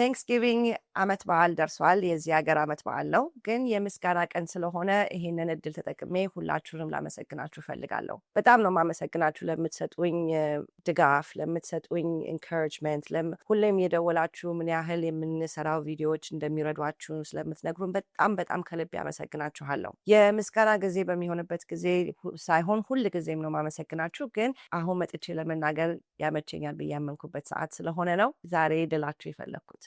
ቴንክስጊቪንግ አመት በዓል ደርሷል። የዚህ ሀገር አመት በዓል ነው፣ ግን የምስጋና ቀን ስለሆነ ይህንን እድል ተጠቅሜ ሁላችሁንም ላመሰግናችሁ እፈልጋለሁ። በጣም ነው ማመሰግናችሁ ለምትሰጡኝ ድጋፍ፣ ለምትሰጡኝ ኢንካሬጅመንት፣ ሁሌም የደወላችሁ ምን ያህል የምንሰራው ቪዲዮዎች እንደሚረዷችሁ ስለምትነግሩን በጣም በጣም ከልብ ያመሰግናችኋለሁ። የምስጋና ጊዜ በሚሆንበት ጊዜ ሳይሆን ሁል ጊዜም ነው ማመሰግናችሁ፣ ግን አሁን መጥቼ ለመናገር ያመቸኛል ብዬ ያመንኩበት ሰዓት ስለሆነ ነው ዛሬ ድላችሁ የፈለግኩት።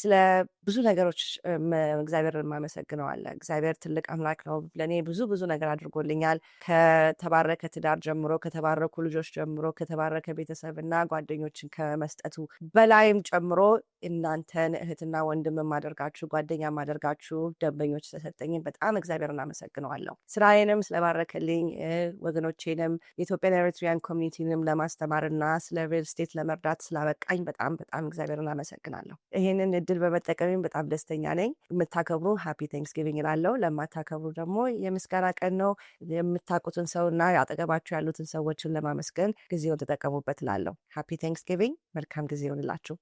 ስለ ብዙ ነገሮች እግዚአብሔር ማመሰግነዋለ። እግዚአብሔር ትልቅ አምላክ ነው። ለእኔ ብዙ ብዙ ነገር አድርጎልኛል። ከተባረከ ትዳር ጀምሮ፣ ከተባረኩ ልጆች ጀምሮ፣ ከተባረከ ቤተሰብና ጓደኞችን ከመስጠቱ በላይም ጨምሮ እናንተን እህትና ወንድም የማደርጋችሁ ጓደኛ ማደርጋችሁ ደንበኞች ተሰጠኝን በጣም እግዚአብሔር እናመሰግነዋለሁ። ስራዬንም ስለባረከልኝ ወገኖቼንም የኢትዮጵያን ኤርትሪያን ኮሚኒቲንም ለማስተማርና ስለ ሪል ስቴት ለመርዳት ስላበቃኝ በጣም በጣም እግዚአብሔር እናመሰግናለሁ። ይህንን እድል በመጠቀሚም በጣም ደስተኛ ነኝ። የምታከብሩ ሀፒ ቴንክስጊቪንግ እላለሁ። ለማታከብሩ ደግሞ የምስጋና ቀን ነው። የምታውቁትን ሰውና አጠገባችሁ ያሉትን ሰዎችን ለማመስገን ጊዜውን ተጠቀሙበት እላለሁ። ሀፒ ቴንክስጊቪንግ። መልካም ጊዜ ይሆንላችሁ።